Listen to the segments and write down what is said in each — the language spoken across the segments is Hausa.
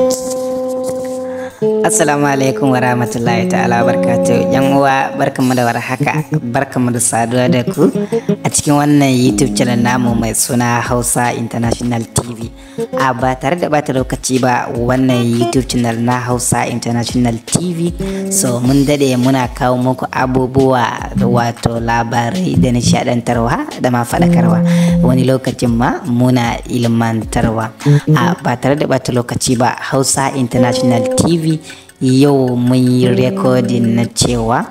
you Assalamu alaikum wa rahmatullahi ta'ala barkatu yan uwa barkanmu da warhaka barkanmu da saduwa da ku a cikin wannan YouTube channel namu mai suna Hausa International TV a ba tare da bata lokaci ba wannan YouTube channel na Hausa International TV so mun dade muna kawo muku abubuwa wato labarai da nishadantarwa da ma fadakarwa wani lokacin ma muna ilmantarwa a ba tare da bata lokaci ba Hausa International TV yau mun yi rekodin na cewa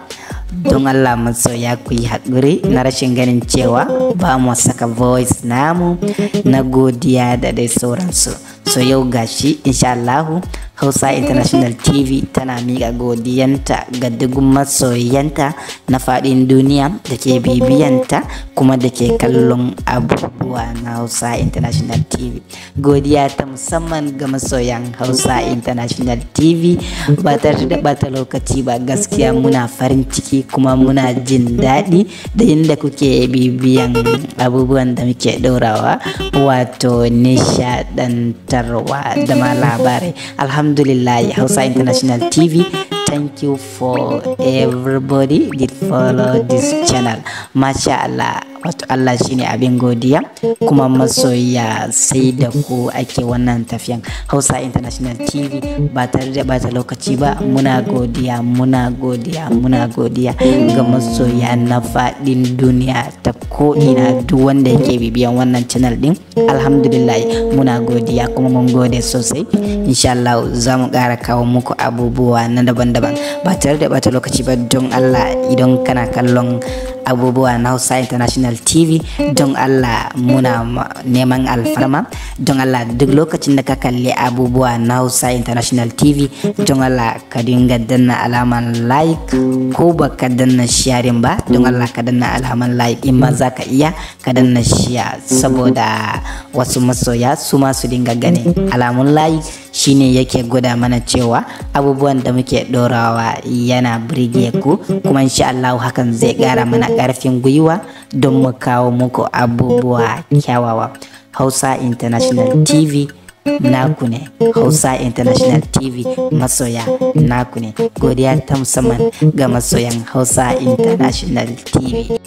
don Allah masoya ku yi haƙuri na rashin ganin cewa ba mu saka voice namu na godiya da dai sauransu so yau gashi insha Allahu Hausa International TV tana miƙa godiyanta ga duk masoyanta na faɗin duniya da ke bibiyanta kuma da ke kallon abu abubuwa na hausa international tv godiya ta musamman ga masoyan hausa international tv ba ta da bata lokaci ba gaskiya muna farin ciki kuma muna jin daɗi da inda kuke bibiyan abubuwan da muke ɗorawa wato nishaɗantarwa da ma labarai alhamdulillah hausa international tv thank you for everybody that follow this channel masha allah wato Allah shi ne abin godiya kuma masoya sai da ku ake wannan tafiyan Hausa International TV ba tare da bata lokaci ba muna godiya muna godiya muna godiya ga masoya na faɗin duniya ta ko'ina duk wanda yake bibiyan wannan channel din alhamdulillah muna godiya kuma mun gode sosai insha Allah za mu ƙara kawo muku abubuwa na daban-daban ba tare da bata lokaci ba don Allah idan kana kallon abubuwa na Hausa International TV don Allah muna neman alfarma don Allah duk lokacin da ka kalli abubuwa na Hausa International TV don Allah ka dinga danna alaman like ko ba ka danna sharing ba don Allah ka danna alaman like in ma za ka iya ka danna shiya saboda wasu masoya su ma su dinga gani alamun like shine yake gwada mana cewa abubuwan da muke dorawa yana birge ku kuma insha Allah hakan zai gara mana karfin gwiwa don mu kawo muku abubuwa kyawawa hausa international tv naku ne hausa international tv masoya naku ne godiya ta musamman ga masoyan hausa international tv